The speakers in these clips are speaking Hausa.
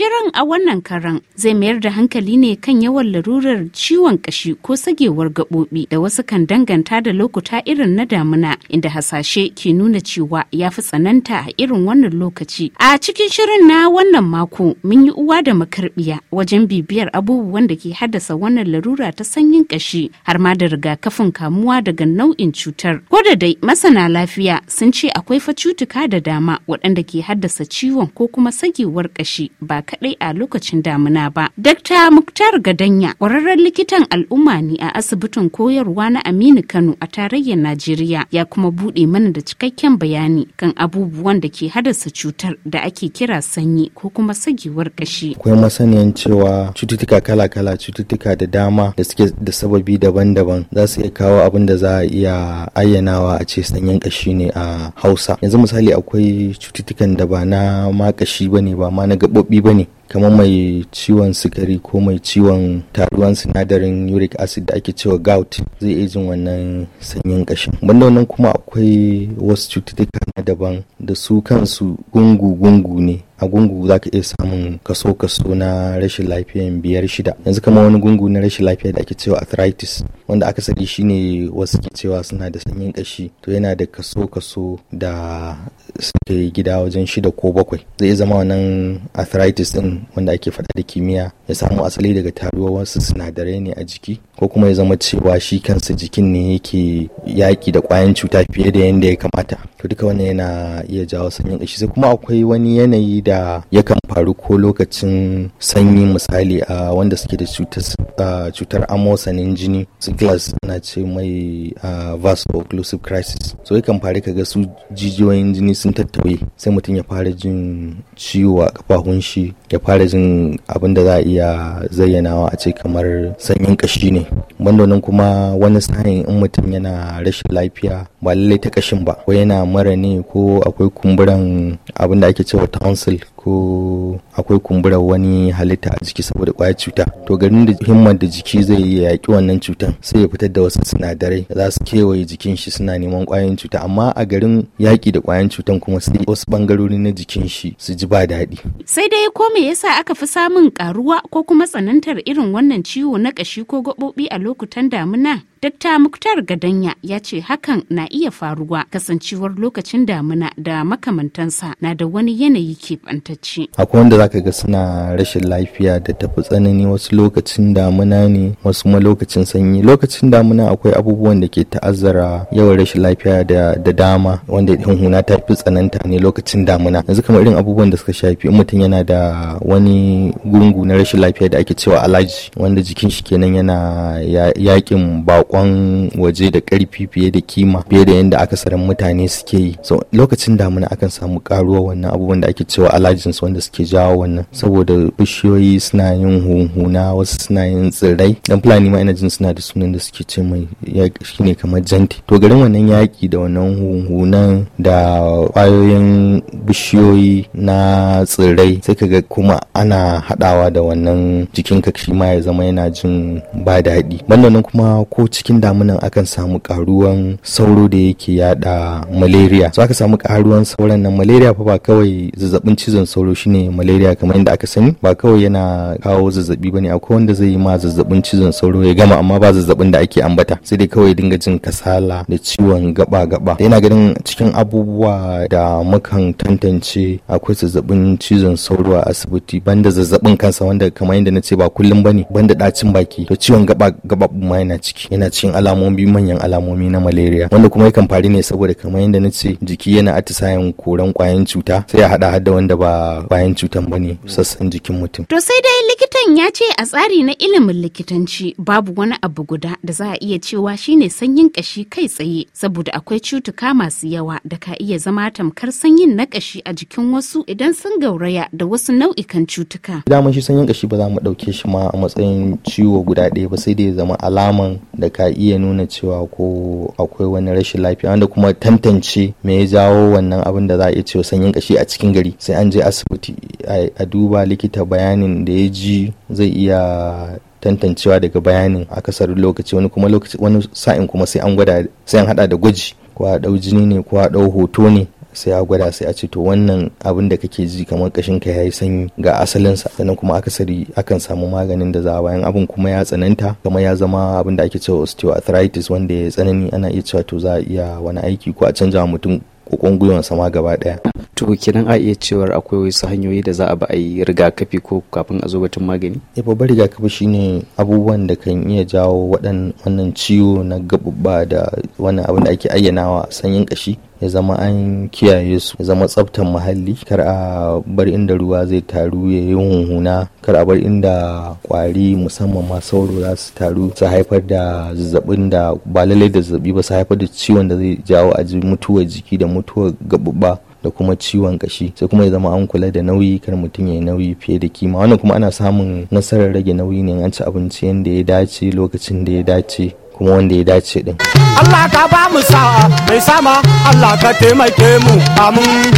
Shirin a wannan karan zai mayar da hankali ne kan yawan larurar ciwon kashi ko sagewar gaɓoɓi da wasu kan danganta da lokuta irin na damuna inda hasashe ke nuna cewa ya fi tsananta a irin wannan lokaci. A cikin shirin na wannan mako mun yi uwa da makarbiya wajen bibiyar abubuwan da ke haddasa wannan larura ta sanyin kashi har ma da rigakafin kamuwa daga nau'in cutar. Ko da dai masana lafiya sun ce akwai fa cutuka da dama waɗanda ke haddasa ciwon ko kuma sagewar kashi ba kadai a lokacin damuna ba. Dr Muktar Gadanya ƙwararren likitan al'umma ne a asibitin koyarwa na Aminu Kano a tarayyar Najeriya ya kuma buɗe mana da cikakken bayani kan abubuwan da ke haddasa cutar da ake kira sanyi ko kuma sagewar ƙashi. Akwai masaniyan cewa cututtuka kala-kala cututtuka da dama da suke da sababi daban-daban za su iya kawo abin da za a iya ayyanawa a ce sanyin ƙashi ne a Hausa. Yanzu misali akwai cututtukan da ba na ma ba ne, ba ma na gaɓoɓi bane ini kamar mai ciwon sikari ko mai ciwon taruwan sinadarin uric acid da ake cewa gout zai iya jin wannan sanyin kashin banda wannan kuma akwai wasu cututtuka na daban da su kansu gungu-gungu ne a gungu za ka iya samun kaso-kaso na rashin lafiyan biyar shida yanzu kama wani gungu na rashin lafiya da ake cewa arthritis wanda aka shi shine wasu ke cewa suna da sanyin kashi to yana da kaso-kaso da suke gida wajen shida ko bakwai zai zama wannan arthritis din wanda ake faɗa da kimiyya ya samu asali daga taruwar wasu sinadarai ne a jiki ko kuma ya zama cewa shi kansa jikin ne yake yaki da kwayan cuta fiye da yadda ya kamata to duka wannan yana iya jawo sanyin ƙashi sai kuma akwai wani yanayi da yakan faru ko lokacin sanyi misali a wanda suke da cutar amosanin jini glass, na ce mai vaso-occlusive crisis so yakan faru kaga su jijiyoyin jini sun tattauye sai mutum ya fara jin ciwo a kafahun shi ya fara jin abin da za a iya iya zayyanawa a ce kamar sanyin kashi ne wannan kuma wani sa'in in mutum yana rashin lafiya ba lallai ta kashin ba ko yana mara ne ko akwai kumburan abin da ake cewa tonsil ko akwai kumburar wani halitta a jiki saboda kwayar cuta to garin da himmar da jiki zai yi yaƙi wannan cutan sai ya fitar da wasu sinadarai za su kewaye jikin shi suna neman kwayoyin cuta amma a garin yaƙi da kwayan cutan kuma sai wasu bangarori na jikin shi su ji ba daɗi sai dai ko me yasa aka fi samun karuwa ko kuma tsanantar irin wannan ciwo na ƙashi ko gaɓoɓi a lokutan damuna Dr. Muktar Gadanya ya ce hakan na iya faruwa kasancewar lokacin damuna da makamantansa na da wani yanayi keɓantacce. Akwai wanda zaka ga suna rashin lafiya da tafi tsanani wasu lokacin damuna ne wasu ma lokacin sanyi. Lokacin damuna akwai abubuwan da ke ta'azzara yawan rashin lafiya da, dama wanda hunhuna ta fi tsananta ne lokacin damuna. Yanzu kamar irin abubuwan da suka shafi in mutum yana da wani gungu na rashin lafiya da ake cewa alaji wanda jikin shi kenan yana yakin ba. sakon waje da karfi fiye da kima fiye da yadda aka akasarin mutane suke yi so lokacin damuna akan samu karuwa wannan abubuwan da ake cewa allergens wanda suke jawo wannan saboda bishiyoyi suna yin hunhuna wasu suna yin tsirrai dan fulani ma ina jin suna da sunan da suke ce mai shine kamar janti to garin wannan yaki da wannan hunhunan da kwayoyin bishiyoyi na tsirrai sai kaga kuma ana hadawa da wannan ka shi ma ya zama yana jin ba daɗi wannan kuma ko cikin damunan akan samu karuwan sauro da yake yada malaria so aka samu karuwan sauran nan malaria fa ba kawai zazzabin cizon sauro shine malaria kamar inda aka sani ba kawai yana kawo zazzabi bane akwai wanda zai yi ma zazzabin cizon sauro ya gama amma ba zazzabin da ake ambata sai dai kawai dinga jin kasala da ciwon gaba gaba yana ganin cikin abubuwa da mukan tantance akwai zazzabin cizon sauro a asibiti banda zazzabin kansa wanda kamar yadda na ce ba kullum bane banda dacin baki to ciwon gaba gaba ma yana ciki yana A cikin alamomi manyan alamomi na malaria wanda kuma yakan faru ne saboda kamar yadda na ce jiki yana atisayen koran kwayan cuta sai ya hada hada wanda ba kwayan cutan ba ne sassan jikin mutum. To sai dai likitan ya ce a tsari na ilimin likitanci babu wani abu guda da za a iya cewa shine sanyin kashi kai tsaye saboda akwai cutuka masu yawa da ka iya zama tamkar sanyin na kashi a jikin wasu idan sun gauraya da wasu nau'ikan cutuka. Daman shi sanyin kashi ba za mu ɗauke shi ma a matsayin ciwo guda ɗaya ba sai dai ya zama alaman da ka iya nuna cewa ko akwai wani rashin lafiya wanda kuma tantance me ya jawo wannan abin da za a iya cewa sanyin kashi a cikin gari sai an je asibiti a duba likita bayanin da ya ji zai iya tantancewa daga bayanin a kasar lokaci wani kuma lokaci wani sa'in kuma sai an gwada sai an hada da gwaji ko a dau jini ne ko a dau hoto ne sai a gwada sai a ce to wannan abin da kake ji kamar kashin ka yayi sanyi ga asalinsa sannan kuma akasari akan samu maganin da za a bayan abin kuma ya tsananta kuma ya zama abin da ake cewa osteoarthritis wanda ya tsanani ana iya cewa to za a iya wani aiki ko a canja mutum kokon gwiwan sama gaba daya to kenan a iya cewar akwai wasu hanyoyi da za a ba a yi rigakafi ko kafin a zo batun magani ya eh, rigakafi shine abubuwan da kan iya jawo waɗannan ciwo na gabubba da wannan abin da ake ayyanawa sanyin kashi ya zama an kiyaye su ya zama tsaftan muhalli kar a bar inda ruwa zai taru ya yi hunhuna kar a bar inda kwari musamman ma sauro za su taru su haifar da zazzabin da ba lallai da zazzabi ba su haifar da ciwon da zai jawo a mutuwar jiki da mutuwar gaɓuɓɓa da kuma ciwon kashi sai kuma ya zama an kula da nauyi kar mutum ya nauyi fiye da kima wannan kuma ana samun nasarar rage nauyi ne an ci abinci yadda ya dace lokacin da ya dace kuma wanda ya dace din Allah ka ba mu sa'a mai sama Allah ka taimake mu amin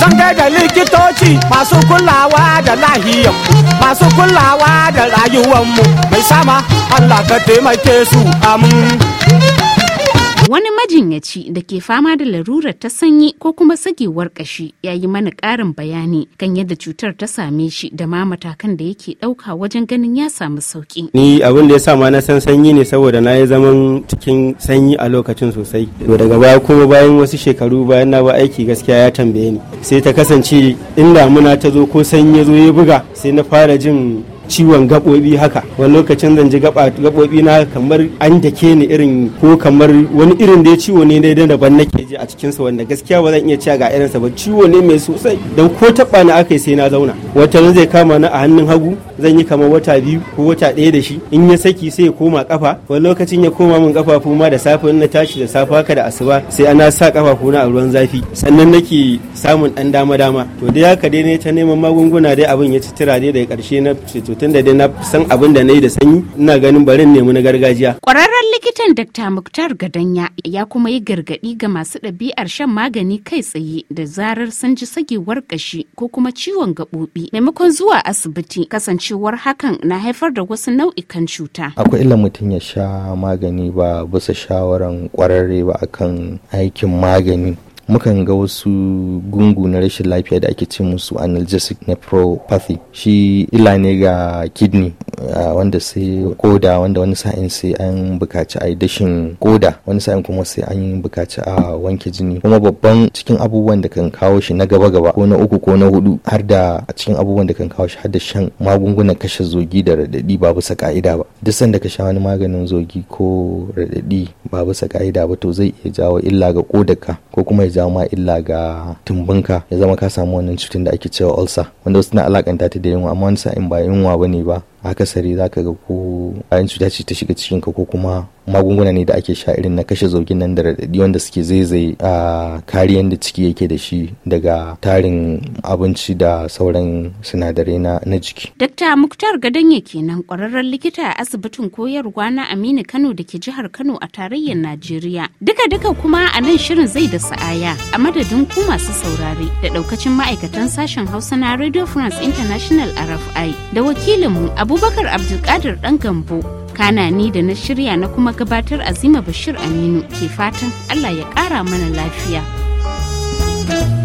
zan kai da likitoci masu kulawa da lahiyar masu kulawa da rayuwar mu mai sama Allah ka taimake su amin Wani majinyaci da ke fama da larurar ta sanyi ko kuma sagewar kashi ya yi mana ƙarin bayani kan yadda cutar ta same shi da ma matakan da yake ɗauka wajen ganin ya samu sauƙi. Ni abin da ya sa ma na san sanyi ne saboda na yi zaman cikin sanyi a lokacin sosai. daga baya kuma bayan wasu shekaru bayan na ba aiki gaskiya ya tambaye ni. Sai ta kasance inda damuna ta zo ko sanyi ya zo ya buga sai na fara jin ciwon gaɓoɓi haka wani lokacin zan ji gaɓoɓi na kamar an dake ni irin ko kamar wani irin da ya ciwo ne dai daban nake ji a cikinsa wanda gaskiya ba zan iya cewa ga irinsa ba ciwo ne mai sosai don ko taɓa ni aka yi sai na zauna wata zai kama ni a hannun hagu zan yi kamar wata biyu ko wata ɗaya da shi in ya saki sai ya koma kafa wani lokacin ya koma min kafafu ma da safe na tashi da safe haka da asuba sai ana sa na a ruwan zafi sannan nake samun ɗan dama dama to dai haka dai ne ta neman magunguna dai abin ya ci tira dai daga ƙarshe na to tun da dai na san abin da na yi da sanyi ina ganin barin nemi na gargajiya. kwararren likitan Dr. Muktar Gadanya ya kuma yi gargaɗi ga masu wasu ɗabi'ar shan magani kai tsaye da zarar sun ji sagewar ƙashi ko kuma ciwon gaɓoɓi maimakon zuwa asibiti kasancewar hakan na haifar da wasu nau'ikan cuta. Akwai illa mutum ya sha magani ba bisa shawaran ƙwararre ba akan aikin magani mukan ga wasu gungu na rashin lafiya da ake ce musu analgesic nephropathy shi illa ne ga kidney wanda sai koda wanda wani sa'in sai an bukaci a yi dashin koda wani sa'in kuma sai an bukaci a wanke jini kuma babban cikin abubuwan da kan kawo shi na gaba gaba ko na uku ko na hudu har da a cikin abubuwan da kan kawo shi har da shan magungunan kashe zogi da radadi ba bisa ka'ida ba duk sanda ka sha wani maganin zogi ko radadi ba bisa ka'ida ba to zai iya jawo illa ga kodaka ko kuma ya jawo ma illa ga tumbinka ya zama ka samu wannan cutin da ake cewa ulcer wanda wasu na alakanta ta da yunwa amma wani sa'in ba yunwa ne ba akasari za ka ga ko ayin cuta ce ta shiga cikin ka ko kuma magunguna ne da ake sha irin na kashe zogin nan da radadi wanda suke zaizai a kariyan da ciki yake da shi daga tarin abinci da sauran sinadarai na, na jiki. Dakta Muktar Gadanya kenan kwararren likita a asibitin koyarwa na Aminu Kano da ke jihar Kano a tarayyar Najeriya. Duka-duka kuma a nan shirin zai da sa'aya a madadin ku masu saurare da ɗaukacin ma'aikatan sashen Hausa na Radio France International RFI da wakilinmu abu abubakar abdulkadir dan gambo kana ni da na shirya na kuma gabatar azima bashir aminu ke fatan allah ya kara mana lafiya. thank you